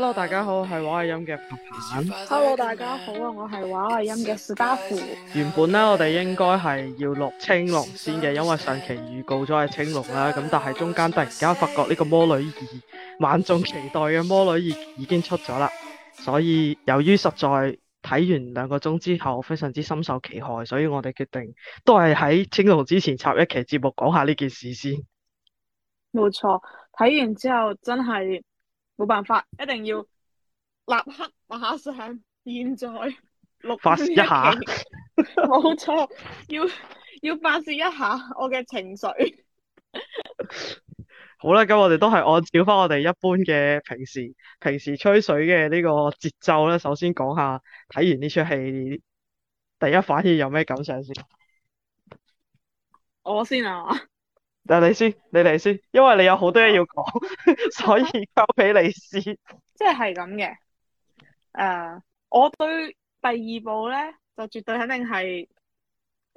hello，大家好，hello，我係畫外音嘅白盤。hello，大家好啊，我係畫外音嘅史嘉芙。原本咧，我哋應該係要錄青龍先嘅，因為上期預告咗係青龍啦。咁但係中間突然間發覺呢個魔女二，萬眾期待嘅魔女二已經出咗啦。所以由於實在睇完兩個鐘之後，非常之深受其害，所以我哋決定都係喺青龍之前插一期節目，講下呢件事先。冇錯，睇完之後真係。冇辦法，一定要立刻馬上現在碌錄發泄一下，冇 錯，要要發泄一下我嘅情緒。 好啦，咁我哋都係按照翻我哋一般嘅平時平時吹水嘅呢個節奏啦。首先講下睇完呢出戲第一反應有咩感想先。我先啊！嗱你先，你嚟先，因為你有好多嘢要講， 所以交俾你先。即係係咁嘅。誒，我對第二部咧，就絕對肯定係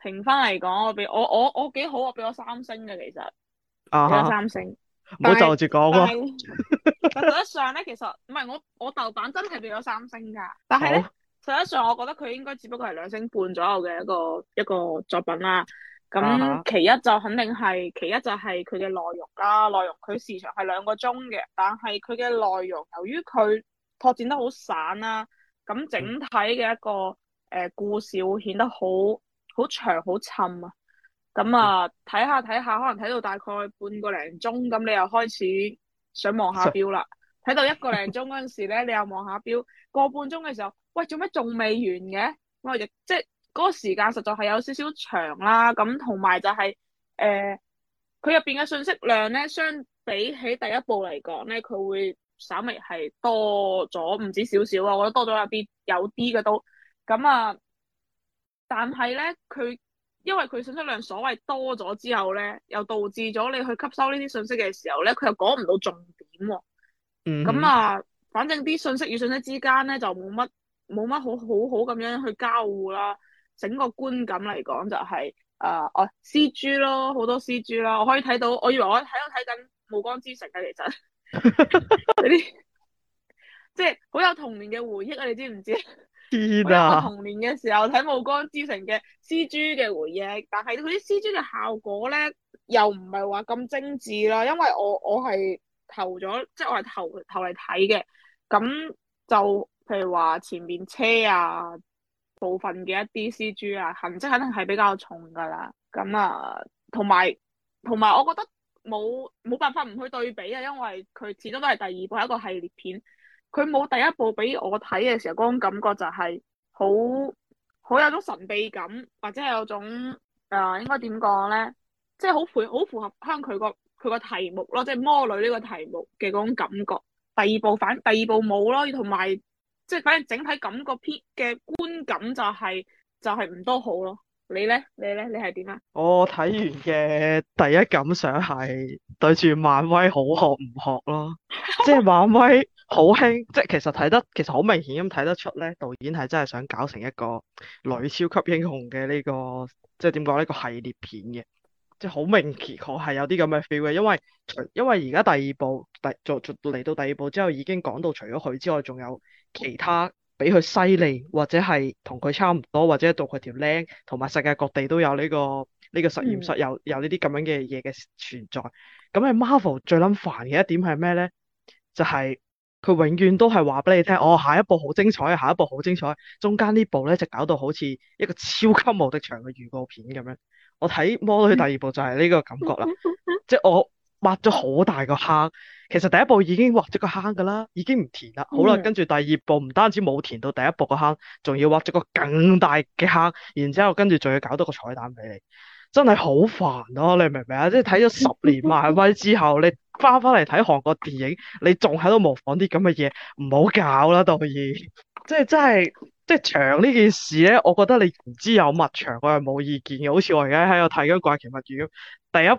評分嚟講，我俾我我我幾好啊，俾咗三星嘅其實。啊。三星。唔好就住講喎。但，是但實際上咧，其實唔係我我豆瓣真係俾咗三星㗎，但係咧，哦、實際上我覺得佢應該只不過係兩星半左右嘅一個一個，一個作品啦。咁其一就肯定係，其一就係佢嘅內容啦、啊。內容佢時長係兩個鐘嘅，但係佢嘅內容由於佢拓展得好散啦、啊，咁整體嘅一個誒、呃、故事會顯得好好長好沉啊。咁啊，睇下睇下，可能睇到大概半個零鐘，咁你又開始想望下表啦。睇到一個零鐘嗰陣時咧， 你又望下表，個半鐘嘅時,時候，喂，做咩仲未完嘅？我哋即係。嗰個時間實在係有少少長啦，咁同埋就係誒佢入邊嘅信息量咧，相比起第一部嚟講咧，佢會稍微係多咗唔止少少啊，我覺得多咗有啲有啲嘅都咁啊。但係咧，佢因為佢信息量所謂多咗之後咧，又導致咗你去吸收呢啲信息嘅時候咧，佢又講唔到重點喎、啊。嗯、mm。咁、hmm. 啊，反正啲信息與信息之間咧就冇乜冇乜好好好咁樣去交互啦。整個觀感嚟講就係、是、誒，哦、呃啊，C G 咯，好多 C G 啦，我可以睇到，我以為我喺度睇緊暮光之城嘅，其實嗰啲即係好有童年嘅回憶啊！你知唔知？知啊！我童年嘅時候睇暮光之城嘅 C G 嘅回憶，但係佢啲 C G 嘅效果咧又唔係話咁精致啦，因為我我係投咗，即係我係投投嚟睇嘅，咁就譬如話前面車啊。部分嘅一啲 C.G. 啊，痕跡肯定係比較重噶啦。咁啊，同埋同埋，我覺得冇冇辦法唔去對比啊，因為佢始終都係第二部，係一個系列片，佢冇第一部俾我睇嘅時候嗰種感覺就係好好有種神秘感，或者係有種誒、呃、應該點講咧，即係好符好符合香佢個佢個題目咯，即係魔女呢個題目嘅嗰種感覺。第二部反第二部冇咯，同埋。即係反正整體感覺片嘅觀感就係、是、就係唔多好咯。你咧你咧你係點啊？我睇完嘅第一感想係對住漫威好學唔學咯， 即係漫威好興，即係其實睇得其實好明顯咁睇得出咧，導演係真係想搞成一個女超級英雄嘅呢、這個即係點講呢個系列片嘅。即係好明確係有啲咁嘅 feel 嘅，因為因為而家第二部第做做嚟到第二部之後，已經講到除咗佢之外，仲有其他比佢犀利，或者係同佢差唔多，或者到佢條僆，同埋世界各地都有呢個呢個實驗室有有呢啲咁樣嘅嘢嘅存在。咁係、嗯、Marvel 最撚煩嘅一點係咩咧？就係、是。佢永遠都係話俾你聽，哦，下一步好精彩，下一步好精彩，中間呢部咧，就搞到好似一個超級無敵長嘅預告片咁樣。我睇魔女佢第二部就係呢個感覺啦， 即係我挖咗好大個坑，其實第一步已經挖咗個坑噶啦，已經唔填啦。好啦，跟住第二步唔單止冇填到第一步個坑，仲要挖咗個更大嘅坑，然之後跟住仲要搞到個彩蛋俾你，真係好煩咯。你明唔明啊？即係睇咗十年漫威之後，你。 翻翻嚟睇韓國電影，你仲喺度模仿啲咁嘅嘢，唔好搞啦，導演。 即係真係，即係長呢件事咧，我覺得你唔知有乜長，我係冇意見嘅。好似我而家喺度睇緊《怪奇物語》，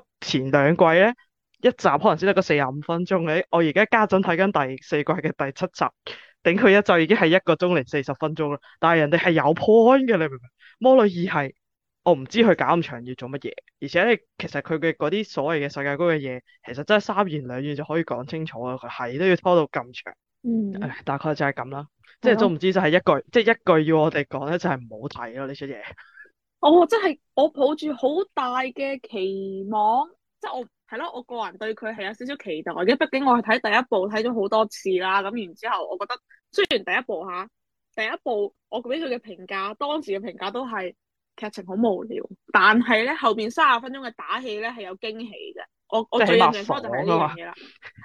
第一前兩季咧，一集可能先得個四十五分鐘嘅，我而家家陣睇緊第四季嘅第七集，頂佢一就已經係一個鐘零四十分鐘啦。但係人哋係有 point 嘅，你明唔明？魔女二係。我唔知佢搞咁長要做乜嘢，而且咧，其實佢嘅嗰啲所謂嘅世界觀嘅嘢，其實真係三言兩語就可以講清楚啊！佢係都要拖到咁長，嗯，大概就係咁啦，嗯、即係都唔知就係一句，即係一句要我哋講咧就係唔好睇咯呢出嘢。我、這個哦、真係我抱住好大嘅期望，即係我係咯，我個人對佢係有少少期待嘅，畢竟我係睇第一部睇咗好多次啦，咁然之後，我覺得雖然第一部吓、啊，第一部我俾佢嘅評價，當時嘅評價都係。劇情好無聊，但係咧後邊卅分鐘嘅打戲咧係有驚喜嘅。我我最中意嘅方就係呢樣嘢啦，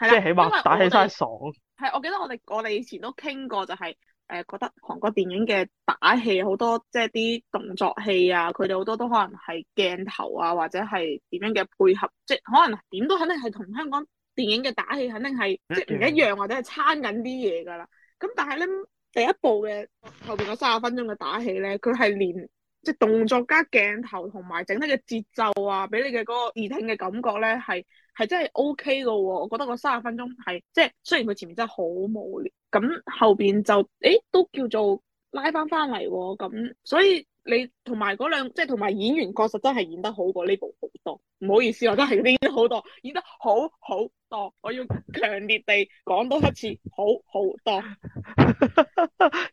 係啦，因為打戲真係爽。係我記得我哋我哋以前都傾過、就是，就係誒覺得韓國電影嘅打戲好多，即係啲動作戲啊，佢哋好多都可能係鏡頭啊，或者係點樣嘅配合，即係可能點都肯定係同香港電影嘅打戲肯定係、嗯、即係唔一樣，或者係差緊啲嘢噶啦。咁但係咧第一部嘅後邊嗰卅分鐘嘅打戲咧，佢係連。即係動作加鏡頭同埋整體嘅節奏啊，俾你嘅嗰個耳聽嘅感覺咧，係係真係 O K 噶喎。我覺得三十分鐘係即係雖然佢前面真係好無聊，咁後邊就誒、欸、都叫做拉翻翻嚟喎。咁所以。你同埋嗰兩即係同埋演員確實真係演得好過呢部好多，唔好意思，我真係演得好多，演得好好多，我要強烈地講多一次，好好多。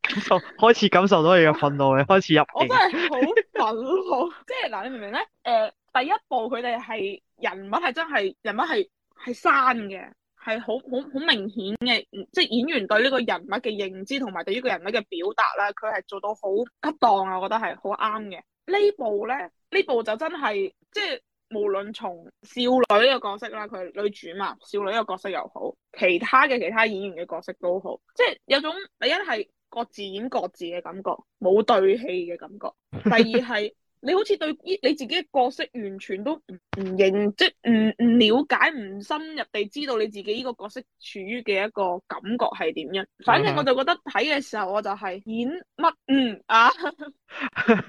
感受 開始感受到你嘅憤怒，你開始入。 我真係好憤怒， 即係嗱，你明唔明咧？誒、呃，第一部，佢哋係人物係真係人物係係生嘅。係好好好明顯嘅，即係演員對呢個人物嘅認知同埋對於個人物嘅表達啦，佢係做到好恰當啊！我覺得係好啱嘅。呢部咧，呢部就真係即係無論從少女呢個角色啦，佢係女主嘛，少女呢個角色又好，其他嘅其他演員嘅角色都好，即係有種第一係各自演各自嘅感覺，冇對戲嘅感覺，第二係。 你好似對於你自己嘅角色完全都唔唔認，即係唔唔了解、唔深入地知道你自己呢個角色處於嘅一個感覺係點樣？反正我就覺得睇嘅時候我就係演乜嗯，啊 就是、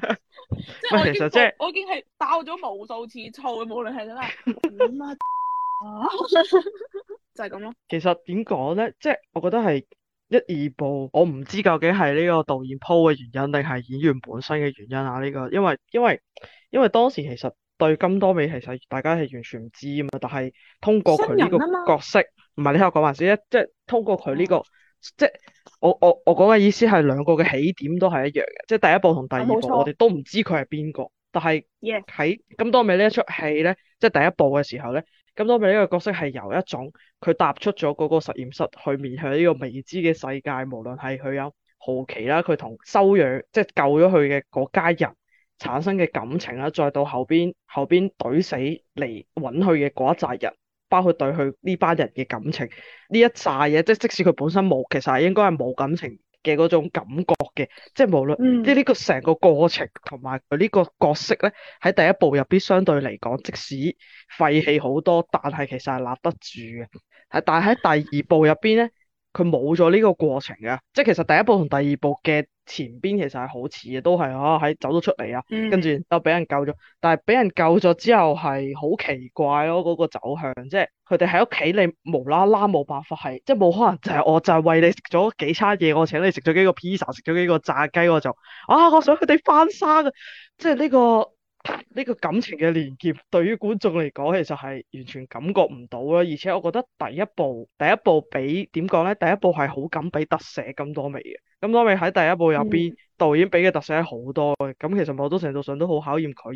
嗯啊，即係我已經我已經係爆咗無數次錯嘅無論係咩，你媽啊，就係咁咯。其實點講咧，即係我覺得係。一二部我唔知究竟係呢個導演鋪嘅原因，定係演員本身嘅原因啊？呢個因為因為因為當時其實對金多美其實大家係完全唔知啊嘛，但係通過佢呢個角色，唔係你聽我講話先，即係通過佢呢個，即係、哦、我我我講嘅意思係兩個嘅起點都係一樣嘅，即係第一部同第二部、哦、我哋都唔知佢係邊個，但係喺金多美呢一齣戲咧，即係第一部嘅時候咧。金多美呢個角色係由一種佢踏出咗嗰個實驗室去面向呢個未知嘅世界，無論係佢有好奇啦，佢同收養即係救咗佢嘅嗰家人產生嘅感情啦，再到後邊後邊懟死嚟揾佢嘅嗰一紮人，包括對佢呢班人嘅感情，呢一紮嘢，即係即使佢本身冇，其實係應該係冇感情。嘅嗰種感覺嘅，即係無論即係呢個成個過程同埋佢呢個角色咧，喺第一部入邊相對嚟講，即使廢氣好多，但係其實係立得住嘅。係，但係喺第二部入邊咧，佢冇咗呢個過程㗎。即係其實第一部同第二部嘅。前邊其實係好似嘅，都係啊喺走咗出嚟啊，跟住又俾人救咗，但係俾人救咗之後係好奇怪咯，嗰個走向即係佢哋喺屋企，你無啦啦冇辦法係，即係冇可能就係我就係餵你食咗幾餐嘢，我請你食咗幾個 pizza，食咗幾個炸雞，我就啊我想佢哋翻生，即係呢個。呢個感情嘅連結對於觀眾嚟講，其實係完全感覺唔到啦。而且我覺得第一部第一部俾點講咧，第一部係好敢俾特寫金多美嘅，金多美喺第一部入邊，嗯、導演俾嘅特寫好多嘅。咁其實某程度上都成道順都好考驗佢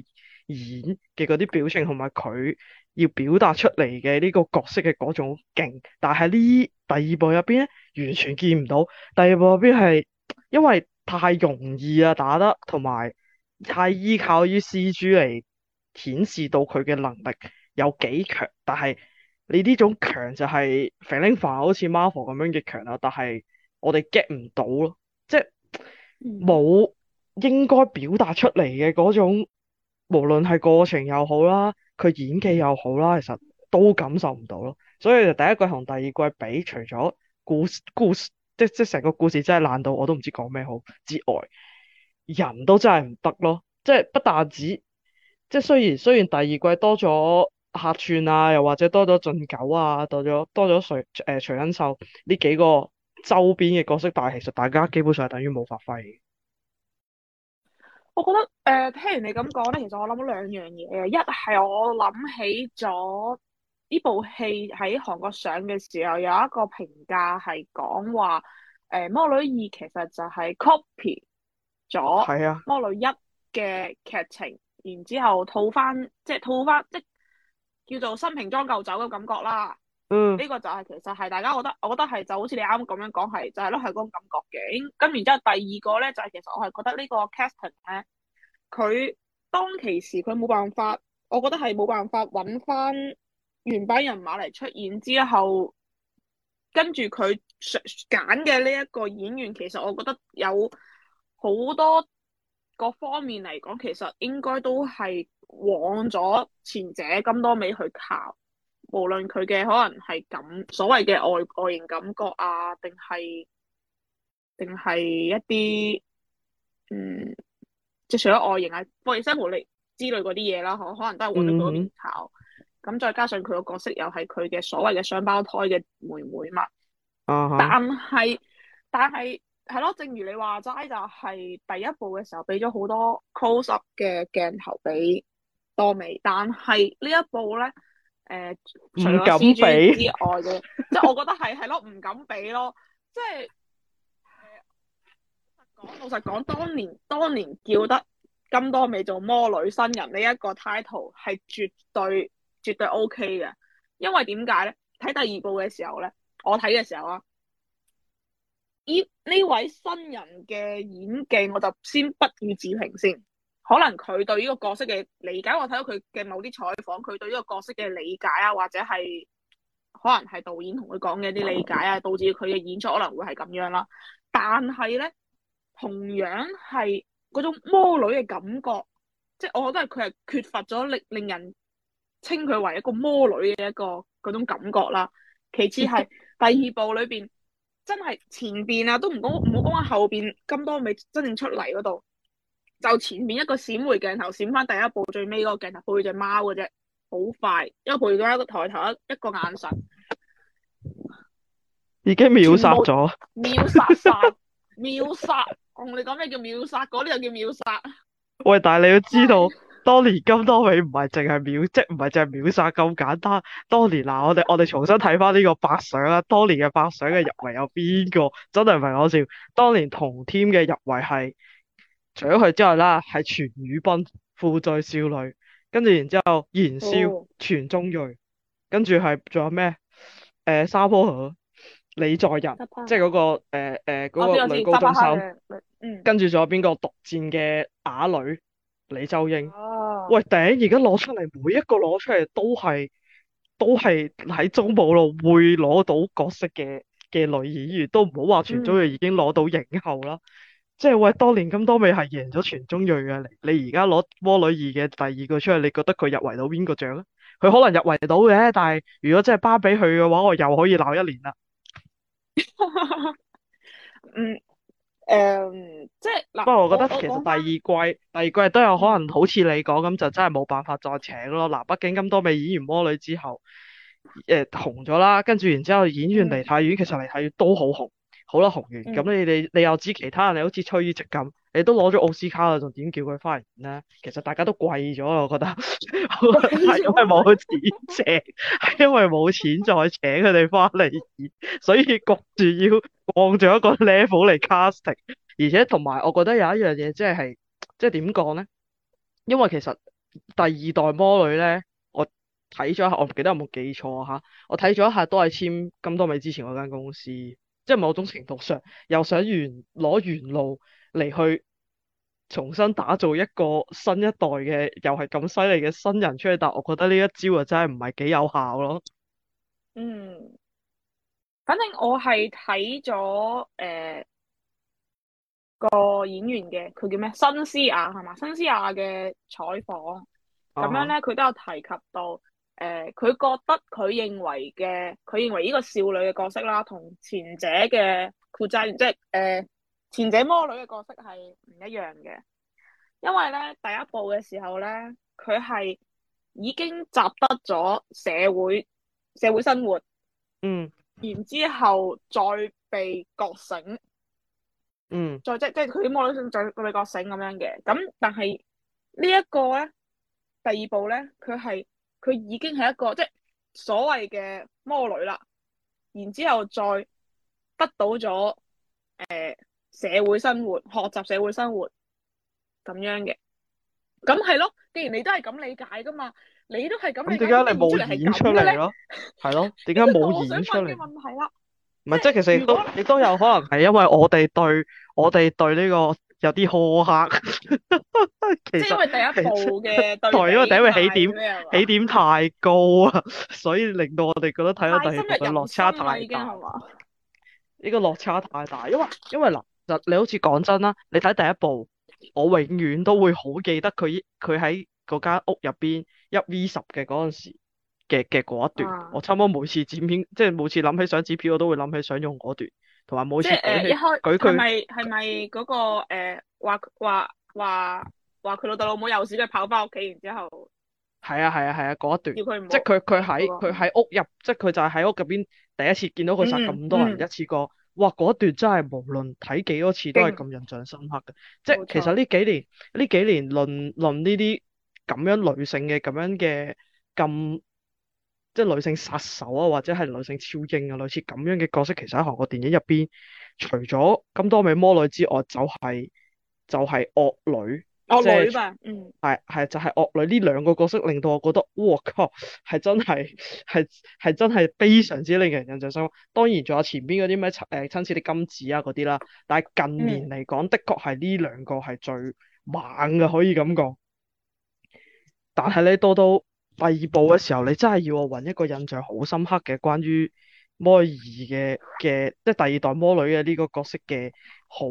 演嘅嗰啲表情同埋佢要表達出嚟嘅呢個角色嘅嗰種勁。但係呢第二部入邊咧，完全見唔到。第二部入邊係因為太容易啊打得同埋。太依靠於 CG 嚟顯示到佢嘅能力有幾強，但係你呢種強就係《Falling Fall》好似 Marvel 咁樣嘅強啦，但係我哋 get 唔到咯，即係冇應該表達出嚟嘅嗰種，無論係過程又好啦，佢演技又好啦，其實都感受唔到咯。所以就第一季同第二季比，除咗故事故事，即即成個故事真係爛到我都唔知講咩好之外，人都真係唔得咯，即係不但止，即係雖然雖然第二季多咗客串啊，又或者多咗進九啊，多咗多咗誰誒徐恩秀呢幾個周邊嘅角色，但係其實大家基本上係等於冇發揮。我覺得誒、呃，聽完你咁講咧，其實我諗到兩樣嘢，一係我諗起咗呢部戲喺韓國上嘅時候，有一個評價係講話誒魔女二其實就係 copy。咗魔女一嘅劇情，然之後套翻即係套翻即叫做新瓶裝舊酒嘅感覺啦。嗯，呢個就係其實係大家覺得，我覺得係就好似你啱啱咁樣講，係就係咯，係嗰種感覺嘅。咁，然之後第二個咧，就係、是、其實我係覺得呢個 casting 咧，佢當其時佢冇辦法，我覺得係冇辦法揾翻原班人馬嚟出演之後，跟住佢選揀嘅呢一個演員，其實我覺得有。好多各方面嚟講，其實應該都係往咗前者金多美去靠。無論佢嘅可能係咁，所謂嘅外外形感覺啊，定係定係一啲嗯，即係除咗外形啊，課生活力之類嗰啲嘢啦，可可能都係往咗嗰邊靠。咁、嗯、再加上佢個角色又係佢嘅所謂嘅雙胞胎嘅妹妹嘛。啊、哈但係但係。係咯，正如你話齋，就係、是、第一部嘅時候俾咗好多 close up 嘅鏡頭俾多美，但係呢一部咧，誒唔敢俾之外嘅，即係我覺得係係咯，唔 敢俾咯，即係講、呃、老實講，當年當年叫得金多美做魔女新人呢一個 title 係絕對絕對 OK 嘅，因為點解咧？睇第二部嘅時候咧，我睇嘅時候啊。呢位新人嘅演技，我就先不予置評先。可能佢對呢個角色嘅理解，我睇到佢嘅某啲採訪，佢對呢個角色嘅理解啊，或者係可能係導演同佢講嘅一啲理解啊，導致佢嘅演出可能會係咁樣啦。但係咧，同樣係嗰種魔女嘅感覺，即係我覺得係佢係缺乏咗令令人稱佢為一個魔女嘅一個嗰種感覺啦。其次係 第二部裏邊。真係前邊啊，都唔講唔好講喺後邊金多美真正出嚟嗰度，就前面一個閃回鏡頭，閃翻第一部最尾嗰個鏡頭，背隻貓嘅啫，好快，因為一個背到一個抬頭一一個眼神，已經秒殺咗，秒殺秒殺，同、 嗯、你講咩叫秒殺，嗰啲又叫秒殺。喂，但係你要知道。 當年金多美唔係淨係秒，即唔係淨係秒殺咁簡單。當年嗱、啊，我哋我哋重新睇翻呢個百想啦。當年嘅百想嘅入圍有邊個？真係唔係好笑。當年同添嘅入圍係除咗佢之外啦，係全宇彬、富在少女，跟住然之後，燃燒、全鍾瑞，跟住係仲有咩？誒、呃、沙坡河李在仁，哦、即係嗰、那個誒誒嗰個女高中生。哦嗯、跟住仲有邊個？毒戰嘅啞女。李周英，喂，頂，而家攞出嚟每一個攞出嚟都係，都係喺中部度會攞到角色嘅嘅女演員，都唔好話全中瑞已經攞到影后啦，嗯、即係喂，當年金多美係贏咗全中瑞嘅。啊，你你而家攞魔女二嘅第二個出嚟，你覺得佢入圍到邊個獎咧？佢可能入圍到嘅，但係如果真係巴比佢嘅話，我又可以鬧一年啦。 嗯。誒，um, 即係，不過我覺得我其實第二季，第二季都有可能好似你講咁，就真係冇辦法再請咯。嗱、啊，畢竟金多美演完魔女之後，誒、呃、紅咗啦，跟住然之後演完梨泰院，嗯、其實梨泰院都好紅，好啦，紅完，咁、嗯、你你你又知其他人，你好似崔宇植咁，你都攞咗奧斯卡啦，仲點叫佢翻嚟演咧？其實大家都貴咗，我覺得，係 因為冇錢請，係 因為冇錢再請佢哋翻嚟演，所以焗住要。望住一個 level 嚟 casting，而且同埋，我覺得有一樣嘢、即係，即係，即係點講咧？因為其實第二代魔女咧，我睇咗下，我唔記得有冇記錯吓，我睇咗下都係簽金多美之前嗰間公司，即係某種程度上又想原攞原路嚟去重新打造一個新一代嘅、又係咁犀利嘅新人出去，但係我覺得呢一招又真係唔係幾有效咯。嗯。反正我係睇咗誒個演員嘅，佢叫咩？新思雅係嘛？新思雅嘅採訪咁樣咧，佢都有提及到誒。佢、呃、覺得佢認為嘅，佢認為呢個少女嘅角色啦，同前者嘅負責，即係誒前者魔女嘅角色係唔一樣嘅，因為咧第一部嘅時候咧，佢係已經習得咗社會社會生活，嗯。然之後再被覺醒，嗯，再即即係佢啲魔女先再被覺醒咁樣嘅，咁但係、這個、呢一個咧，第二步咧，佢係佢已經係一個即係所謂嘅魔女啦。然之後再得到咗誒、呃、社會生活，學習社會生活咁樣嘅，咁係咯。既然你都係咁理解㗎嘛。你都係咁，咁點解你冇演出嚟咯？係咯， 點解冇演出嚟？我想問嘅問題啦，唔係即係其實亦都亦都有可能係因為我哋對 我哋對呢個有啲苛刻，其實即係因為第一部嘅對，實對，因為第一個起點起點太高啊，所以令到我哋覺得睇到第二部落差太大。呢個落差太大，因為因為嗱，其實你好似講真啦，你睇第一部，我永遠都會好記得佢佢喺嗰間屋入邊。一 V 十嘅嗰陣時嘅嘅嗰一段，啊、我差唔多每次剪片，即、就、係、是、每次諗起想剪片，我都會諗起想用嗰段，同埋每次舉佢係咪係咪嗰個誒話話話話佢老豆老母有事，佢跑翻屋企，然後之後係啊係啊係啊嗰一段，即係佢佢喺佢喺屋入，即係佢就係喺屋嗰邊第一次見到佢殺咁多人、嗯嗯、一次過，哇嗰段真係無論睇幾多次都係咁印象深刻嘅。即係其實呢幾年呢幾年論論呢啲。咁樣女性嘅咁樣嘅咁即係女性殺手啊，或者係女性超英啊，類似咁樣嘅角色，其實喺韓國電影入邊，除咗金多美魔女之外，就係、是、就係、是、惡女，惡女吧，嗯，係係就係、是、惡女呢兩個角色，令到我覺得，我靠，係真係係係真係非常之令人印象深刻。當然仲有前邊嗰啲咩誒親切啲金子啊嗰啲啦，但係近年嚟講，嗯、的確係呢兩個係最猛嘅，可以咁講。但係你到到第二部嘅時候，你真係要我揾一個印象好深刻嘅關於魔二嘅嘅，即係第二代魔女嘅呢個角色嘅好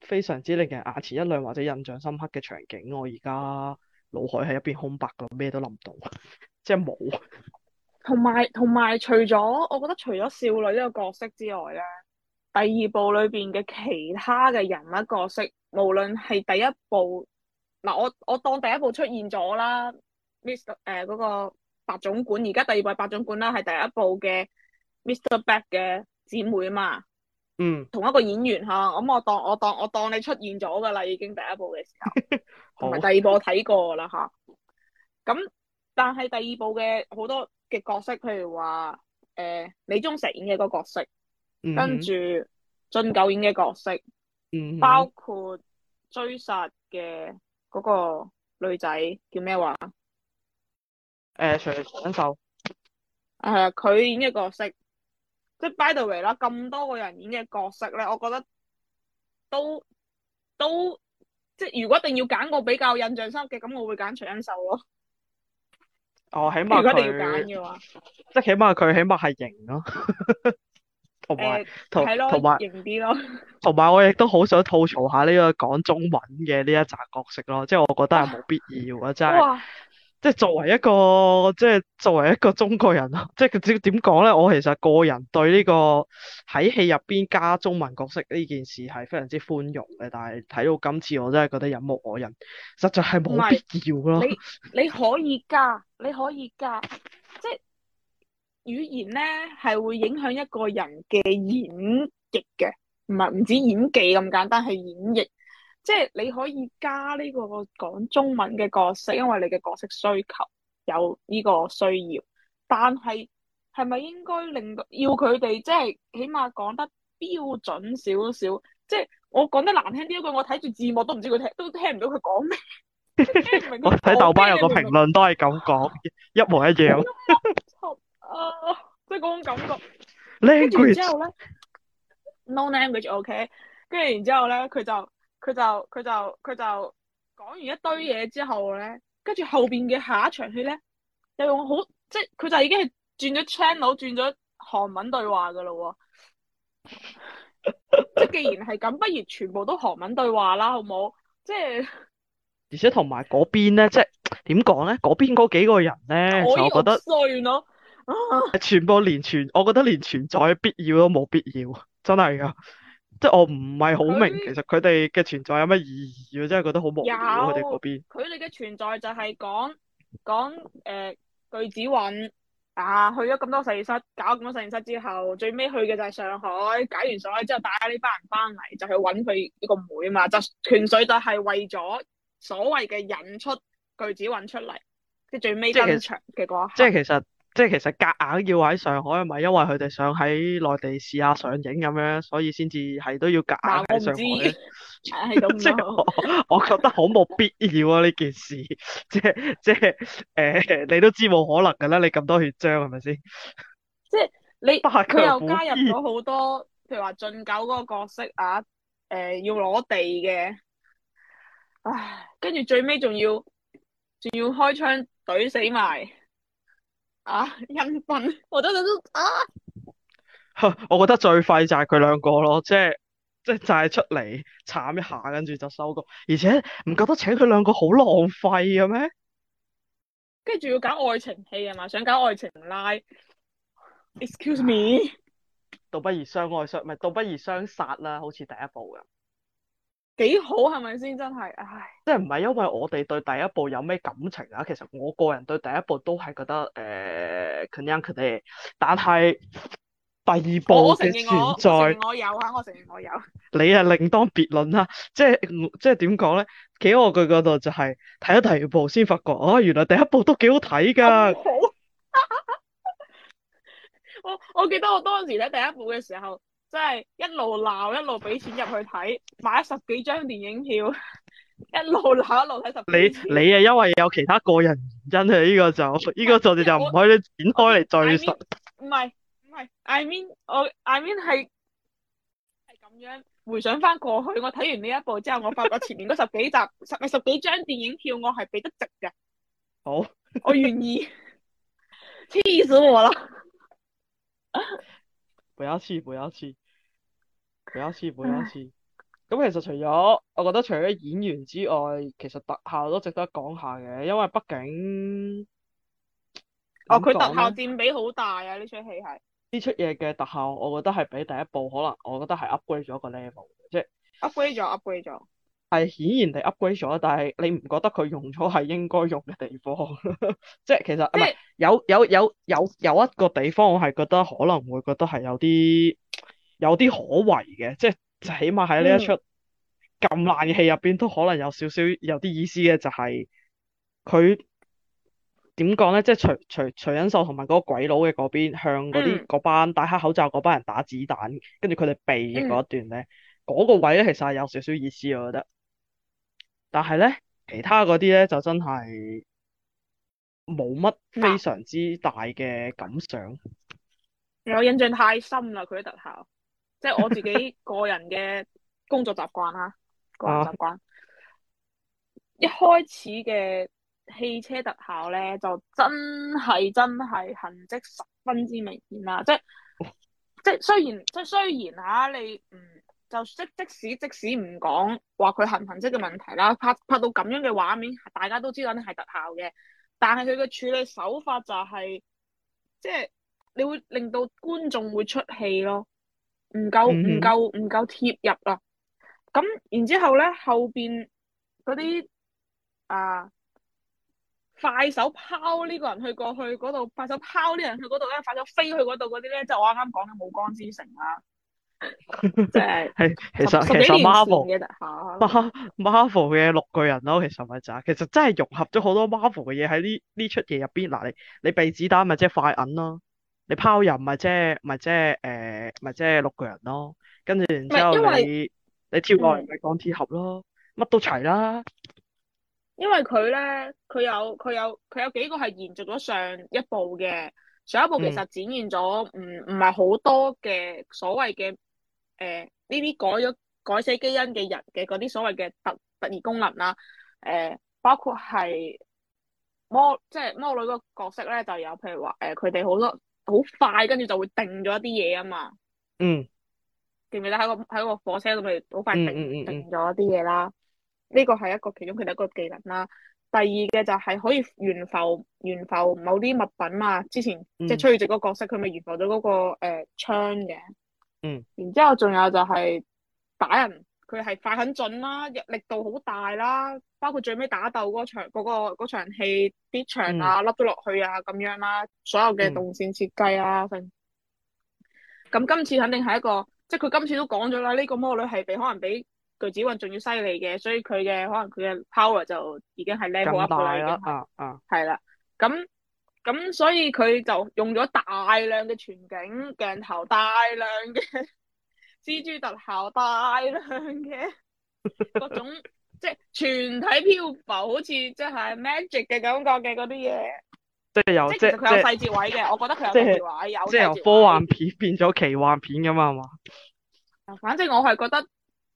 非常之令人眼前一亮或者印象深刻嘅場景，我而家腦海係一片空白噶，咩都諗唔到， 即係冇沒。同埋同埋，除咗我覺得除咗少女呢個角色之外咧，第二部裏邊嘅其他嘅人物角色，無論係第一部。嗱，我我當第一部出現咗啦，Mr 誒、呃、嗰、那個白總管，而家第二部白總管啦，係第一部嘅 Mr. Back 嘅姊妹啊嘛，嗯，同一個演員吓，咁我當我當我當你出現咗噶啦，已經第一部嘅時候，同埋 好第二部我睇過啦吓，咁但係第二部嘅好多嘅角色，譬如話誒、呃、李鐘碩演嘅嗰個角色，嗯、哼跟住晉久演嘅角色，嗯、哼包括追殺嘅。嗰個女仔叫咩話？誒、呃，徐恩秀。係啊，佢演嘅角色，即係 by the way 啦，咁多個人演嘅角色咧，我覺得都都即係如果一定要揀個比較印象深刻，咁我會揀徐恩秀咯。哦，起碼。如果一定要揀嘅話，即係起碼佢起碼係型咯。 同埋同埋，同埋同埋我亦都好想吐槽下呢個講中文嘅呢一陣角色咯，即係我覺得係冇必要嘅，啊、真係哇即係作為一個即係作為一個中國人咯，即係點點講咧？我其實個人對呢、呢個喺戲入邊加中文角色呢件事係非常之寬容嘅，但係睇到今次我真係覺得忍無可忍，實在係冇必要咯是。 你可以加，你可以加，即係。語言咧係會影響一個人嘅演繹嘅，唔係唔止演技咁簡單，係演繹。即係你可以加呢個講中文嘅角色，因為你嘅角色需求有呢個需要。但係係咪應該令到要佢哋即係起碼講得標準少少？即係我講得難聽啲一句，我睇住字幕都唔知佢聽都聽唔到佢講咩。 講 我睇豆瓣有個評論都係咁講， 一模一樣。 哦，oh, 即係嗰種感覺。跟住之後咧，no language OK。跟住然之後咧，佢就佢就佢就佢就講完一堆嘢之後咧，跟住後邊嘅下一場戲咧，又用好即係佢就已經係轉咗 channel，轉咗韓文對話噶咯。 即係既然係咁，不如全部都韓文對話啦，好唔好？即係而且同埋嗰邊咧，即係點講咧？嗰邊嗰幾個人咧，我，其實我覺得全部連存，我覺得連存在嘅必要都冇必要，真係㗎，即係我唔係好明，他其實佢哋嘅存在有咩意義？我真係覺得好無。有。佢哋嗰邊，佢哋嘅存在就係講講誒、具、呃、子允啊，去咗咁多實驗室，搞咗咁多實驗室之後，最尾去嘅就係上海，解完上海之後，帶咗呢班人返嚟就去搵佢一個妹啊嘛，就是、純粹就係為咗所謂嘅引出具子允出嚟，即係最尾。即係嘅嗰一刻。即係其實。即係其實夾硬，硬要喺上海，係咪因為佢哋想喺內地試下上映咁樣，所以先至係都要夾硬喺上海咧？唉， 即我我覺得好冇必要啊！呢 件事，即係即係誒、呃，你都知冇可能噶啦，你咁多血漿係咪先？是是即係你佢 又加入咗好多，譬 如話晉九嗰個角色啊，誒、呃、要攞地嘅，唉，跟住最尾仲要仲要開槍懟死埋。啊！人品，我真係都，都，都啊！ 我覺得最廢就係佢兩個咯，即係即係就係出嚟慘一下，跟住就收工，而且唔覺得請佢兩個好浪費嘅咩？跟住仲要搞愛情戲啊嘛，想搞愛情線。Excuse me，倒 不如相愛相，唔係倒不如相殺啦，好似第一部咁。幾好係咪先？真係，唉！即係唔係因為我哋對第一部有咩感情啊？其實我個人對第一部都係覺得誒，canon 嚟。但係第二部我嘅存在，我承認我有嚇，我承認我有。我我有你啊，另當別論啦。即係即係點講咧？企喺我個嗰度就係睇咗第二部先發覺，哦、啊，原來第一部都幾好睇㗎。好我不！ 我我記得我當時睇第一部嘅時候。即係一路鬧，一路俾錢入去睇，買十幾張電影票， 一路鬧，一路睇十幾張電影票你。你你啊，因為有其他個人原因，呢、這個就呢、這個就就唔可以展開嚟，再述。唔係唔係，I mean 我 I mean 係係咁樣回想翻過去，我睇完呢一部之後，我發覺前面嗰十幾集 十係十幾張電影票，我係俾得值嘅。好， 我願意。黐死我啦 ！不要黐，不要黐。每一次，每一次。咁 其實除咗我覺得除咗演員之外，其實特效都值得講下嘅，因為畢竟，哦，佢特效佔比好大啊！呢出戲係，呢出嘢嘅特效，我覺得係比第一部可能我覺得係 upgrade 咗一個 level 即係。upgrade 咗，upgrade 咗。係顯然地 upgrade 咗，但係你唔覺得佢用咗係應該用嘅地方？ 即係其實，即係唔係，有有有有有，有，有一個地方，我係覺得可能會覺得係有啲。有啲可為嘅，即係起碼喺呢一出咁爛嘅戲入邊，都可能有少少有啲意思嘅，就係佢點講咧？即係徐徐徐恩秀同埋嗰個鬼佬嘅嗰邊向，向嗰啲嗰班戴黑口罩嗰班人打子彈，跟住佢哋避嗰段咧，嗰、嗯、個位咧其實係有少少意思，我覺得。但係咧，其他嗰啲咧就真係冇乜非常之大嘅感想，啊。我印象太深啦，佢啲特效。即係我自己個人嘅工作習慣啦，個人習慣。啊、一開始嘅汽車特效咧，就真係真係痕跡十分之明顯啦。即係即係雖然雖雖然吓、啊、你唔就即使即使即使唔講話佢痕痕跡嘅問題啦，拍拍到咁樣嘅畫面，大家都知道你係特效嘅。但係佢嘅處理手法就係、是，即係你會令到觀眾會出戲咯。唔夠唔夠唔夠貼入啊！咁然之後咧後邊嗰啲啊，快手拋呢個人去過去嗰度，快手拋呢人去嗰度咧，快手飛去嗰度嗰啲咧，就我啱啱講嘅武江之城啦。即係係、啊、 十 其實其實 Marvel，Marvel、啊、嘅綠巨人咯，其實咪就係，其實真係融合咗好多 Marvel 嘅嘢喺呢呢出嘢入邊。嗱，你你避子彈咪即係快銀咯。你拋人咪即係咪即係誒咪即係六個人咯，跟住然之後你為你跳過嚟咪鋼鐵俠咯，乜都齊啦。因為佢咧，佢有佢有佢有幾個係延續咗上一部嘅。上一部其實展現咗唔唔係好多嘅所謂嘅誒呢啲改咗改寫基因嘅人嘅嗰啲所謂嘅特特異功能啦、啊，誒、呃、包括係魔即係、即係、魔女個角色咧就有譬如話誒佢哋好多。好快，跟住就會定咗一啲嘢啊嘛！嗯，記唔記得喺個喺個火車度咪好快定定咗一啲嘢啦？呢個係一個其中佢第一個技能啦。第二嘅就係可以懸浮懸浮某啲物品嘛。之前即係崔玉植嗰個角色，佢咪懸浮咗嗰、那個誒槍嘅。呃、嗯。然之後仲有就係打人。佢係快很準啦、啊，力度好大啦、啊，包括最尾打鬥嗰場嗰、那個場戲啲場啊，甩咗落去啊咁樣啦、啊，所有嘅動線設計啊，咁、嗯、今次肯定係一個，即係佢今次都講咗啦，呢、這個魔女係比可能比巨子雲仲要犀利嘅，所以佢嘅可能佢嘅 power 就已經係 level up 咯啊啊，係啦，咁咁、uh, uh. 所以佢就用咗大量嘅全景鏡頭，大量嘅。 蜘蛛特效大量嘅， 各種即係全體漂浮，好似即係 magic 嘅感覺嘅嗰啲嘢，即係是有即係佢有細節位嘅，我覺得佢有細節位是有位。即係由科幻片變咗奇幻片咁啊嘛。係咪？反正我係覺得，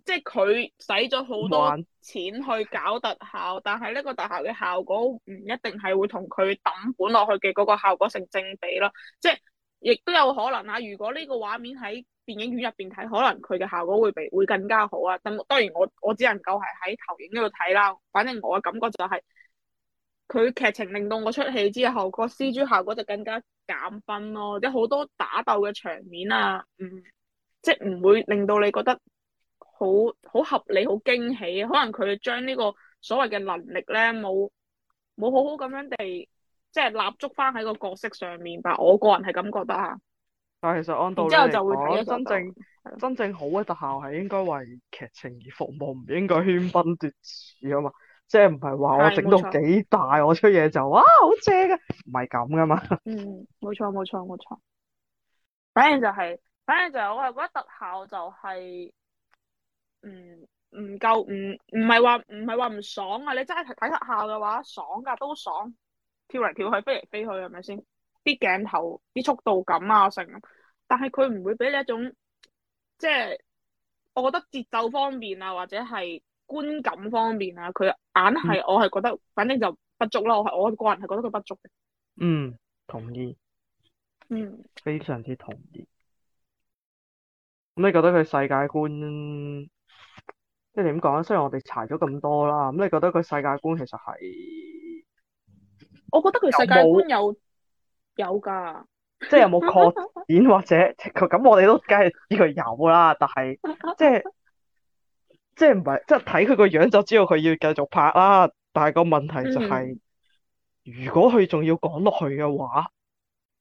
即係佢使咗好多錢去搞特效，玩但係呢個特效嘅效果唔一定係會同佢抌本落去嘅嗰個效果成正比咯。即係亦都有可能啊！如果呢個畫面喺電影院入邊睇，可能佢嘅效果會比會更加好啊！咁當然我，我我只能夠係喺投影嗰度睇啦。反正我嘅感覺就係、是，佢劇情令到我出戲之後，個 C G 效果就更加減分咯。即好多打鬥嘅場面啊，嗯，即係唔會令到你覺得好好合理、好驚喜。可能佢將呢個所謂嘅能力咧，冇冇好好咁樣地，即係立足翻喺個角色上面吧。但我個人係咁覺得啊。但係其實按道理，之後就會話真正真正好嘅特效係應該為劇情而服務，唔 應該喧賓奪主啊嘛！即係唔係話我整到幾大， 我出嘢就哇好正啊！唔係咁噶嘛。嗯，冇錯冇錯冇錯。反正就係、是，反正就係、是，我係覺得特效就係、是，嗯，唔夠，唔唔係話唔係話唔爽啊！你真係睇特效嘅話，爽噶都爽，跳嚟跳去，飛嚟飛去，係咪先？啲鏡頭、啲速度感啊，成，但係佢唔會俾你一種，即係，我覺得節奏方面啊，或者係觀感方面啊，佢硬係，我係覺得，嗯、反正就不足啦。我係我個人係覺得佢不足嘅。嗯，同意。嗯，非常之同意。咁你覺得佢世界觀，即係點講咧？雖然我哋查咗咁多啦，咁你覺得佢世界觀其實係？我覺得佢世界觀有。有有噶， 即係有冇擴展或者咁，我哋都梗係知佢有啦。但係即係即係唔係，即係睇佢個樣就知道佢要繼續拍啦。但係個問題就係、是，嗯、如果佢仲要講落去嘅話，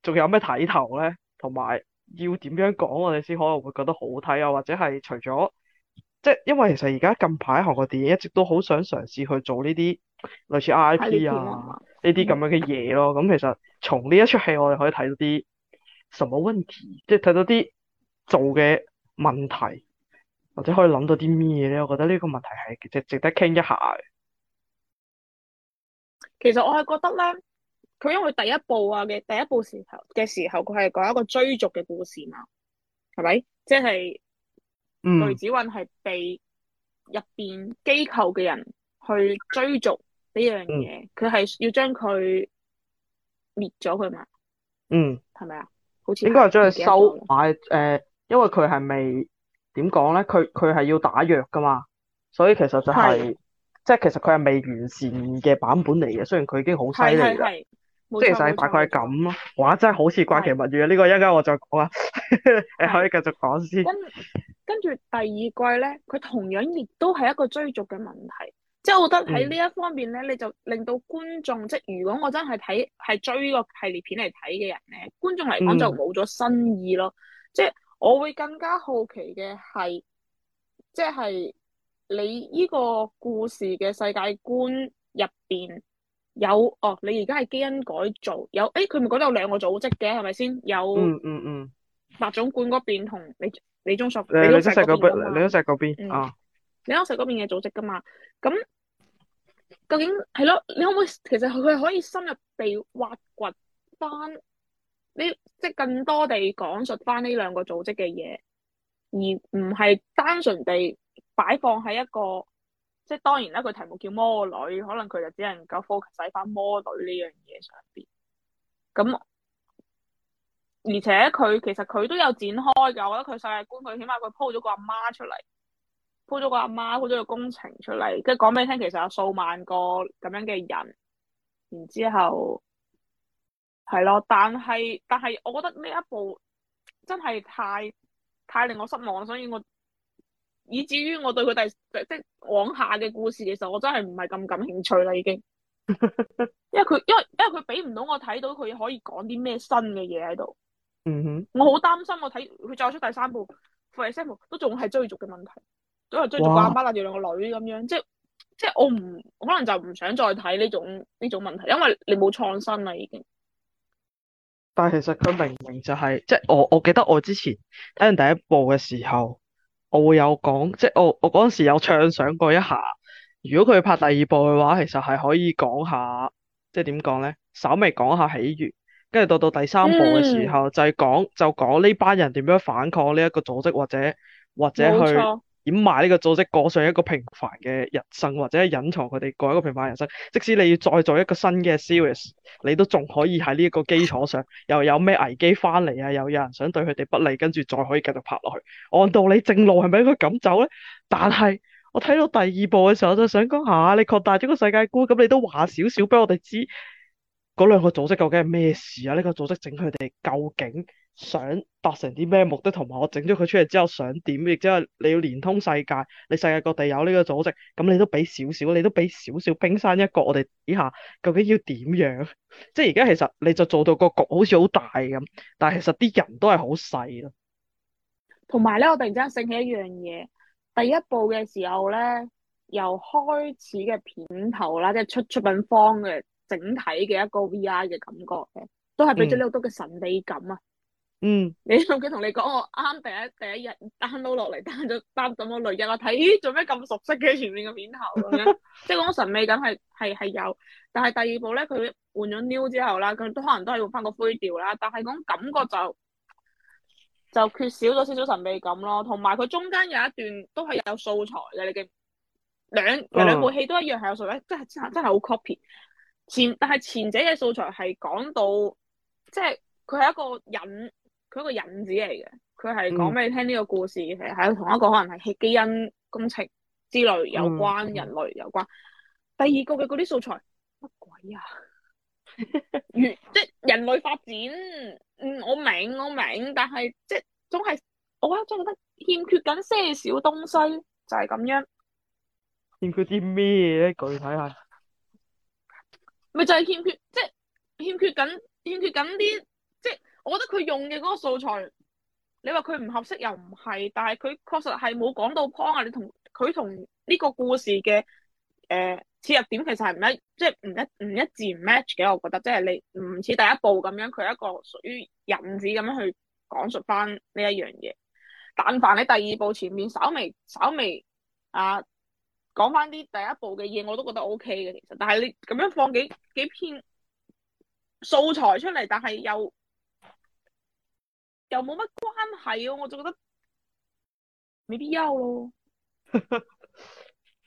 仲有咩睇頭咧？同埋要點樣講我哋先可能會覺得好睇啊？或者係除咗即係，因為其實而家近排韓國電影一直都好想嘗試去做呢啲類似 I P 啊。啊呢啲咁樣嘅嘢咯，咁其實從呢一出戲我哋可以睇到啲什麼問題，即係睇到啲做嘅問題，或者可以諗到啲咩嘢咧？我覺得呢個問題係值值得傾一下。其實我係覺得咧，佢因為第一部啊嘅第一部時候嘅時候，佢係講一個追逐嘅故事嘛，係咪？即係雷子雲係被入邊機構嘅人去追逐。嗯呢樣嘢，佢係要將佢滅咗佢嘛。嗯，係咪啊？好似應該係將佢收埋？誒，因為佢係未點講咧，佢佢係要打藥噶嘛，所以其實就係、是、的即係其實佢係未完善嘅版本嚟嘅，雖然佢已經好犀利啦，是的是的是即係就係大概係咁咯。哇，真係好似《怪奇物語》啊的！呢個一陣間我再講啦，你 可以繼續講先。跟跟住第二季咧，佢同樣亦都係一個追逐嘅問題。即係我覺得喺呢一方面咧，你就令到觀眾，即係如果我真係睇係追呢個系列片嚟睇嘅人咧，觀眾嚟講就冇咗新意咯。即係我會更加好奇嘅係，即係你依個故事嘅世界觀入邊有哦，你而家係基因改造有，誒佢咪係講得有兩個組織嘅，係咪先？有嗯嗯嗯，白種管嗰邊同李李忠索誒李忠石嗰邊，李忠石嗰邊啊。哦。你安石嗰邊嘅組織噶嘛？咁究竟係咯？你可唔可以其實佢係可以深入地挖掘翻呢，即係更多地講述翻呢兩個組織嘅嘢，而唔係單純地擺放喺一個，即係當然啦。個題目叫魔女，可能佢就只能夠 focus 喺翻魔女呢樣嘢上邊。咁而且佢其實佢都有展開噶，我覺得佢世界觀佢起碼佢鋪咗個阿媽出嚟。鋪咗個阿媽，鋪咗個工程出嚟，跟住講俾你聽，其實有數萬個咁樣嘅人，然之後係咯，但係但係，我覺得呢一部真係太太令我失望，所以我以至於我對佢第即往下嘅故事嘅時候，其實我真係唔係咁感興趣啦，已經，因為佢因為因為佢俾唔到我睇到佢可以講啲咩新嘅嘢喺度，嗯哼、mm，hmm. 我好擔心我睇佢再出第三部 for example，都仲係追逐嘅問題。因為追逐爸爸，帶住兩個女咁樣，哇即係即係我唔可能就唔想再睇呢種呢種問題，因為你冇創新啦已經。但係其實佢明明就係、是、即係我，我記得我之前睇完第一部嘅時候，我會有講，即係我我嗰陣時有暢想過一下，如果佢拍第二部嘅話，其實係可以講下，即係點講咧？稍微講下喜悅，跟住到到第三部嘅時候、嗯、就係講就講呢班人點樣反抗呢一個組織，或者或者去。掩埋呢個組織過上一個平凡嘅人生，或者隱藏佢哋過一個平凡嘅人生。即使你要再做一個新嘅 series，你都仲可以喺呢一個基礎上又有咩危機翻嚟啊？又有人想對佢哋不利，跟住再可以繼續拍落去。按道理正路係咪應該咁走咧？但係我睇到第二部嘅時候，我就想講下、啊、你擴大咗個世界觀，咁你都話少少俾我哋知嗰兩個組織究竟係咩事啊？呢、呢個組織整佢哋究竟，想達成啲咩目的，同埋我整咗佢出嚟之後想點？亦即係你要連通世界，你世界各地有呢個組織，咁你都俾少少，你都俾少少冰山一角，我哋以下究竟要點樣？即係而家其實你就做到個局好似好大咁，但係其實啲人都係好細咯。同埋咧，我突然之間醒起一樣嘢，第一部嘅時候咧，由開始嘅片頭啦，即係出出品方嘅整體嘅一個 V R 嘅感覺嘅，都係俾咗好多嘅神秘感啊！嗯嗯，你諗佢同你講，我啱第一第一日 download 落嚟 download download 咗雷音，我睇咦做咩咁熟悉嘅前面嘅片頭咁樣，即係嗰種神秘感係係係有，但係第二部咧佢換咗 new 之後啦，佢都可能都係用翻個灰調啦，但係嗰種感覺就就缺少咗少少神秘感咯，同埋佢中間有一段都係有素材嘅，你記兩兩部戲都一樣係有素材，即係真真係好 copy 前，但係前者嘅素材係講到即係佢係一個人。佢個引子嚟嘅，佢係講俾你聽呢個故事，係喺、嗯、同一個可能係基因工程之類有關、嗯、人類有關。第二個嘅嗰啲素材乜鬼啊？越 即人類發展，嗯，我明我明，但係即總係我覺得即覺得欠缺緊些少東西，就係、是、咁樣。欠缺啲咩咧？具體下咪 就係欠缺？即欠缺緊欠缺緊啲即。我覺得佢用嘅嗰個素材，你話佢唔合適又唔係，但係佢確實係冇講到 point 啊！你同佢同呢個故事嘅誒切入點其實係唔一，即係唔一唔一致唔 match 嘅。我覺得即係你唔似第一部咁樣，佢係一個屬於引子咁樣去講述翻呢一樣嘢。但凡你第二部前面稍微稍微啊講翻啲第一部嘅嘢，我都覺得 OK 嘅其實。但係你咁樣放幾幾片素材出嚟，但係又～又冇乜關係哦、啊，我就覺得未必優咯。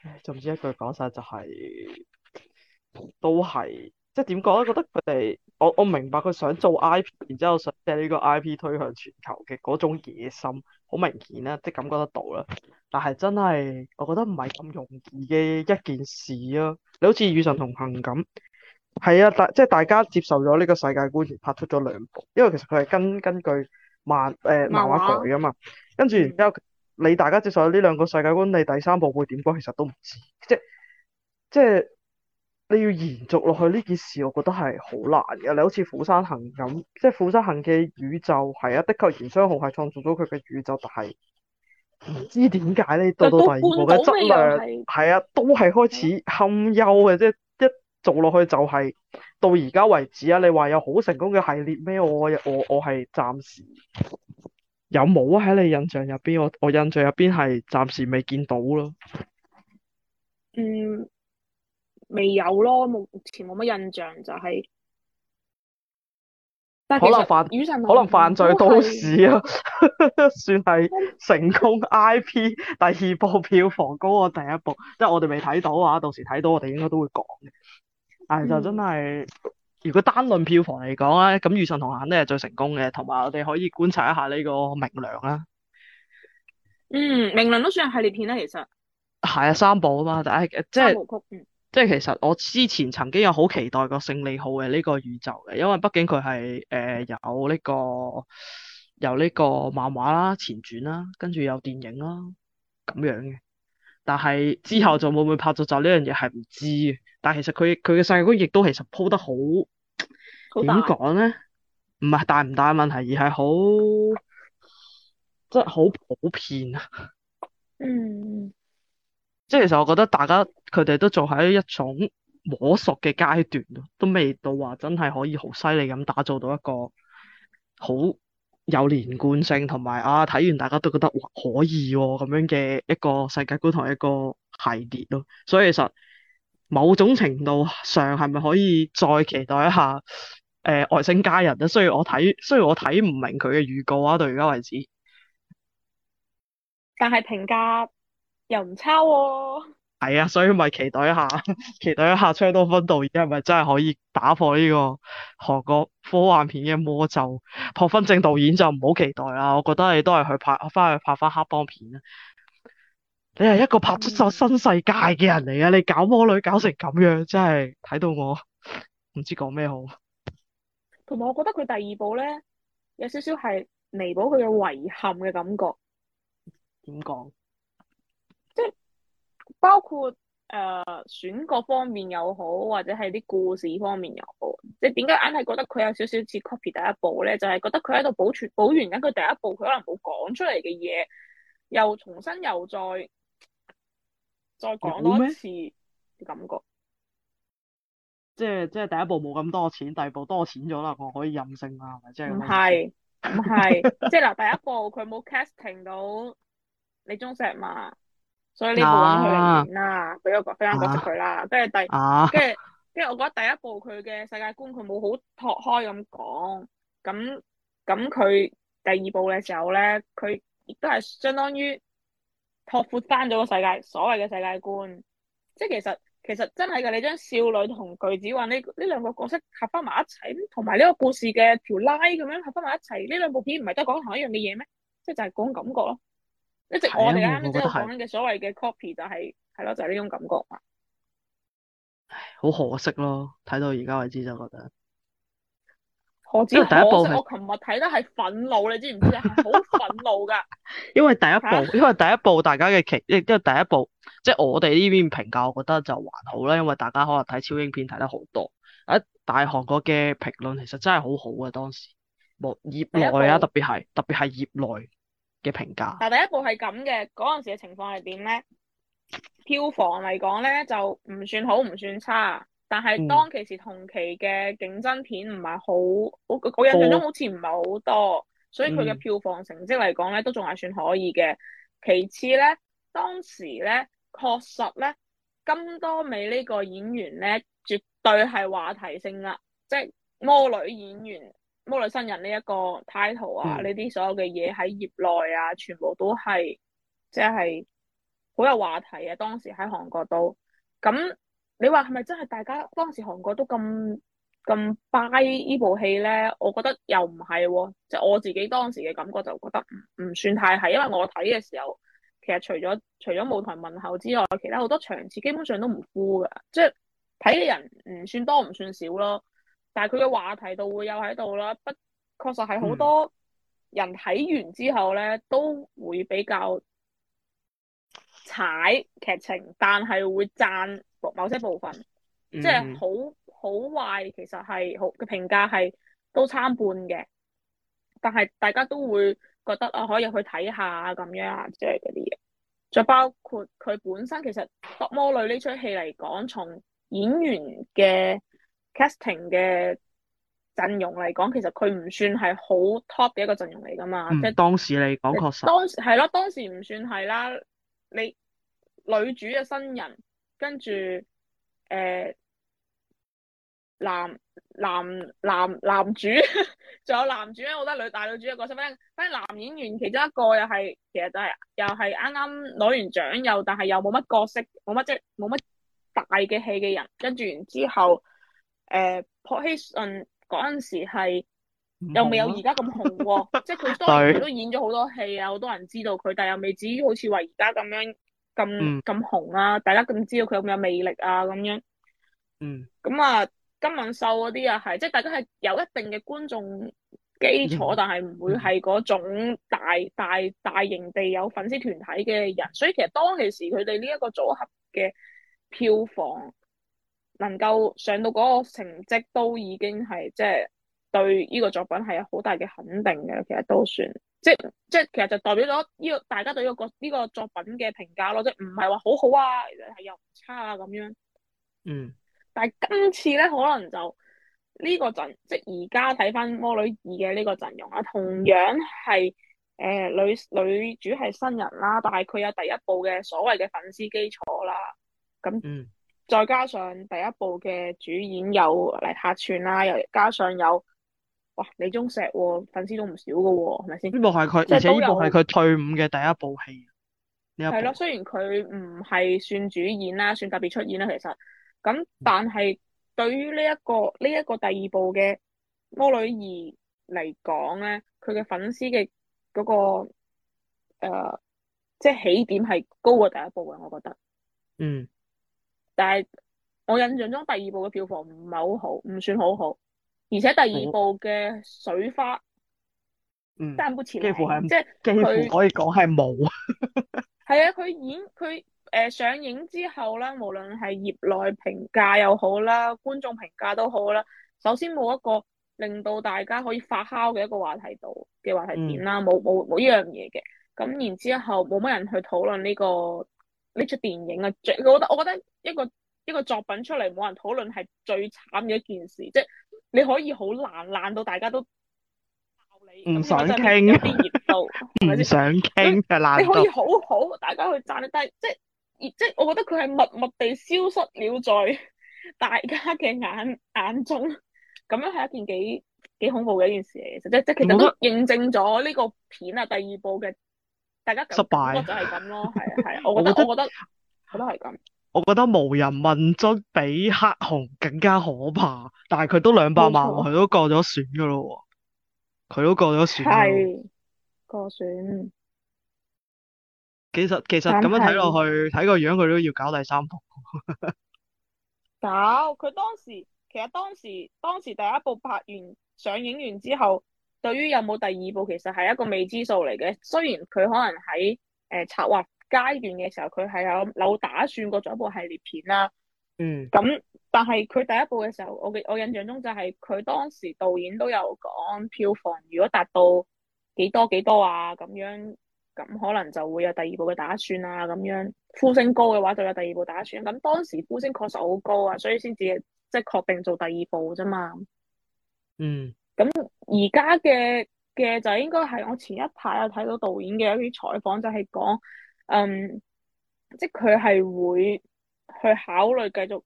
唉， 總之一句講晒、就是，就係都係即係點講咧？覺得佢哋我我明白佢想做 I P，然之後想借呢個 I P 推向全球嘅嗰種野心，好明顯啦、啊，即係感覺得到啦。但係真係我覺得唔係咁容易嘅一件事咯、啊。你好似與神同行咁係啊，大即係大家接受咗呢個世界觀，拍出咗兩部，因為其實佢係根根據，漫誒漫畫改噶嘛，跟住然之後你大家接受呢兩個世界觀，你第三部會點講？其實都唔知，即係即係你要延續落去呢件事，我覺得係好難嘅。你好似《釜山行》咁，即係《釜山行》嘅宇宙係啊，的確延尚昊係創造咗佢嘅宇宙，但係唔知點解咧，到到第二部嘅質量係啊，都係開始堪憂嘅即係。做落去就係到而家為止啊！你話有好成功嘅系列咩？我我我係暫時有冇啊？喺你印象入邊，我我印象入邊係暫時未見到咯。嗯，未有咯，目前冇乜印象就係、係。可能犯，可能是犯罪都市啊，是 算係成功 I P 第二部票房高過第一部，即係我哋未睇到啊，到時睇到我哋應該都會講嘅。係就真係，嗯、 如果單論票房嚟講咧，咁《與神同行》咧係最成功嘅，同埋我哋可以觀察一下呢個明、嗯《鳴梁》啦。嗯，《鳴梁》都算係系列片啦，其實。係啊， 三部啊嘛，但係即係即係其實我之前曾經有好期待過勝利號嘅呢個宇宙嘅，因為畢竟佢係誒有呢、這個有呢個漫畫啦、前傳啦，跟住有電影啦咁樣嘅。但係之後就會唔會拍咗，就呢樣嘢係唔知嘅。但係其實佢佢嘅世界觀亦都其實鋪得好，點講咧，唔係大唔大，大問題，而係好即係好普遍啊。 嗯，即係其實我覺得大家佢哋都做喺一種摸索嘅階段，都未到話真係可以好犀利咁打造到一個好有連貫性同埋啊，睇完大家都覺得話可以喎、哦，咁樣嘅一個世界觀同一個系列咯，所以其實。某種程度上係咪可以再期待一下？誒、呃，外星家人啊，雖然我睇，雖然我睇唔明佢嘅預告啊，到而家為止，但係評價又唔差喎。係啊，所以咪期待一下，期待一下，崔東勳導演係咪真係可以打破呢個韓國科幻片嘅魔咒？朴勳正導演就唔好期待啦，我覺得你都係去拍，翻去拍翻黑幫片啦。你係一個拍出咗新世界嘅人嚟啊！你搞魔女搞成咁樣，真係睇到我唔知講咩好。同埋我覺得佢第二部咧，有少少係彌補佢嘅遺憾嘅感覺。點講？即係包括誒、呃、選角方面又好，或者係啲故事方面又好。即係點解硬係覺得佢有少少似 copy 第一部咧？就係、是、覺得佢喺度保存補完緊佢第一部，佢可能冇講出嚟嘅嘢，又重新又再。再講多次嘅感覺，即係即係第一部冇咁多錢，第二部多錢咗啦，我可以任性啦，係咪即係咁？唔係唔係，即係嗱， 第一部佢冇 casting 到李鍾碩嘛，所以呢部揾佢嚟演啦，俾一個俾間角色佢啦。跟住第跟住跟住，啊、我覺得第一部佢嘅世界觀佢冇好拓開咁講，咁咁佢第二部嘅時候咧，佢亦都係相當於。拓闊翻咗個世界，所謂嘅世界觀，即係其實其實真係㗎，你將少女同巨子話呢呢兩個角色合翻埋一齊，同埋呢個故事嘅條 line 咁樣合翻埋一齊，呢兩部片唔係都係講同一樣嘅嘢咩？即係就係嗰種感覺咯。的一直我哋啱啱先講嘅所謂嘅 copy 就係係咯，就係呢種感覺嘛。唉，好可惜咯，睇到而家為止就覺得。因為第一部我琴日睇得係憤怒，你知唔知啊？好憤怒噶！因為第一部，因為第一部大家嘅，期，因為第一部即係我哋呢邊評價，我覺得就還好啦。因為大家可能睇超英片睇得好多，誒，但係大韓國嘅評論其實真係好好，啊，嘅，當時冇業內啊，特別係特別係業內嘅評價。但係第一部係咁嘅，嗰陣時嘅情況係點咧？票房嚟講咧，就唔算好，唔算差。但係當其時同期嘅競爭片唔係好、嗯、我印象中好似唔係好多，所以佢嘅票房成績嚟講咧都仲係算可以嘅。其次咧，當時咧確實咧金多美呢個演員咧絕對係話題性啦，即係魔女演員、魔女新人呢一個 title 啊，呢啲、嗯、所有嘅嘢喺業內啊，全部都係即係好有話題嘅。當時喺韓國都咁。你話係咪真係大家當時韓國都咁咁 buy 呢部戲咧？我覺得又唔係喎，即係我自己當時嘅感覺就覺得唔唔算太係，因為我睇嘅時候，其實除咗除咗舞台問候之外，其他好多場次基本上都唔 full 噶，即係睇嘅人唔算多唔算少咯。但係佢嘅話題度會有喺度啦，不確實係好多人睇完之後咧都會比較。踩劇情，但係會贊某，某些部分，嗯、即係好好壞其實係好嘅評價係都參半嘅。但係大家都會覺得啊，可以去睇下咁樣啊之類嗰啲嘢。再包括佢本身其實《捉魔女》呢出戲嚟講，從演員嘅 casting 嘅陣容嚟講，其實佢唔算係好 top 嘅一個陣容嚟噶嘛。嗯、即係當時你講確實，當時係咯，當時唔算係啦。你女主嘅新人，跟住誒男男男男主，仲 有男主咧，我覺得女大女主嘅角色，反正反正男演員其中一個又係其實就係、都係、又係啱啱攞完獎又，但係又冇乜角色，冇乜即係冇乜大嘅戲嘅人，跟住然之後誒朴熙順嗰陣時係。又未有而家咁紅喎，即係佢當然都演咗好多戲啊，好多人知道佢，但係又未至於好似話而家咁樣咁咁紅啦，啊。大家咁知道佢有咁有魅力啊咁樣？嗯，咁啊，金允秀嗰啲又係，即係大家係有一定嘅觀眾基礎，嗯、但係唔會係嗰種大大大型地有粉絲團體嘅人。所以其實當其時佢哋呢一個組合嘅票房能夠上到嗰個成績，都已經係即係。對呢個作品係有好大嘅肯定嘅，其實都算即即其實就代表咗呢、這個大家對呢、這個呢、這個作品嘅評價咯，即唔係話好好啊，其實又唔差啊咁樣。嗯，但係今次咧可能就呢個陣，即而家睇翻《魔女二》嘅呢個陣容啊，同樣係誒、呃、女女主係新人啦、啊，但係佢有第一部嘅所謂嘅粉絲基礎啦，咁、嗯、再加上第一部嘅主演有黎客串啦、啊，又加上有。哇，李鍾碩喎、哦，粉絲都唔少噶喎、哦，係咪先？呢部係佢，而且呢部係佢退伍嘅第一部戲。係咯有，雖然佢唔係算主演啦，算特別出演啦，其實咁，但係對於呢一個呢一個第二部嘅魔女二嚟講咧，佢嘅粉絲嘅嗰個誒、呃，即係起點係高過第一部嘅，我覺得。嗯。但係我印象中第二部嘅票房唔係好好，唔算好好。而且第二部嘅水花，嗯，差唔多持平，幾乎係即係是幾乎可以講係冇。係 啊，佢演佢誒上映之後啦，無論係業內評價又好啦，觀眾評價都好啦。首先冇一個令到大家可以發酵嘅一個話題度嘅話題點啦，冇冇冇呢樣嘢嘅。咁然之後冇乜人去討論呢個呢出、這個、電影啊。我覺得我覺得一個一個作品出嚟冇人討論係最慘嘅一件事，即係。你可以好爛爛到大家都鬧你，唔想傾有啲熱度，唔 想傾係爛。你可以好好，大家去讚，但係即係即係，我覺得佢係默默地消失了在大家嘅眼眼中，咁樣係一件幾幾恐怖嘅一件事嚟嘅，即即，即其實都認證咗呢個片啊第二部嘅大家失敗就係咁咯，係啊係啊，我覺得我覺得我覺得係咁。我覺得無人問津比黑熊更加可怕，但係佢都兩百萬，佢錯都過咗選噶咯喎，佢都過咗選了。係過選。其實其實咁樣睇落去，睇個是樣佢都要搞第三部 。搞，佢當時其實當時當時第一部拍完上映完之後，對於有冇第二部其實係一個未知數嚟嘅。雖然佢可能喺誒策劃。呃階段嘅時候，佢係有有打算過做一部系列片啦、啊。嗯，咁但係佢第一部嘅時候，我嘅我印象中就係佢當時導演都有講票房，如果達到幾多幾多啊，咁樣咁可能就會有第二部嘅打算啊，咁樣呼聲高嘅話就有第二部打算。咁當時呼聲確實好高啊，所以先至即係確定做第二部啫嘛。嗯，咁而家嘅嘅就應該係我前一排有睇到導演嘅一啲採訪，就係講。嗯，um，即係佢係會去考慮繼續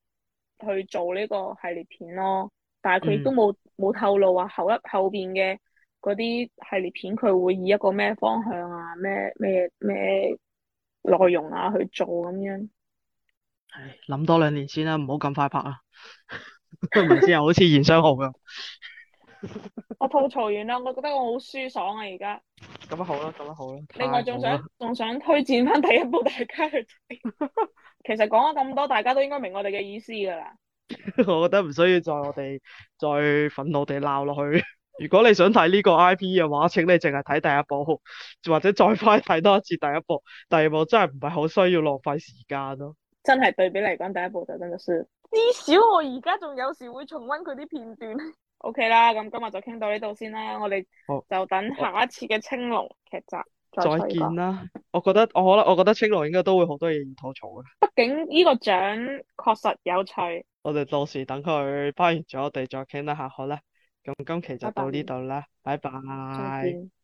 去做呢個系列片咯，但係佢亦都冇冇透露話後一後邊嘅嗰啲系列片佢會以一個咩方向啊咩咩咩內容啊去做咁樣。唉，諗多兩年先啦，唔好咁快拍啊！唔知啊，好似現商號咁。 我吐槽完啦，我覺得我好舒爽啊！而家咁啊，好啦，咁啊好啦。好，另外仲想，仲想推薦翻第一部大家去睇。 其實講咗咁多，大家都應該明我哋嘅意思噶啦。 我覺得唔需要再我哋再憤怒地鬧落去。 如果你想睇呢個 IP 嘅話，請你淨係睇第一部，或者再快睇多一次第一部，第二部，真係唔係好需要浪費時間咯。真係對比嚟講，第一部就真係輸。至少我而家仲有時會重溫佢啲片段。 O K 啦，咁、okay、今日就傾到呢度先啦，我哋就等下一次嘅青龍劇集再，再見啦。我覺得我可能，我覺得青龍應該都會好多嘢吐槽嘅。畢竟呢個獎確實有趣。我哋到時等佢頒完咗，我哋再傾一下好啦，咁今期就到呢度啦，拜拜見。Bye bye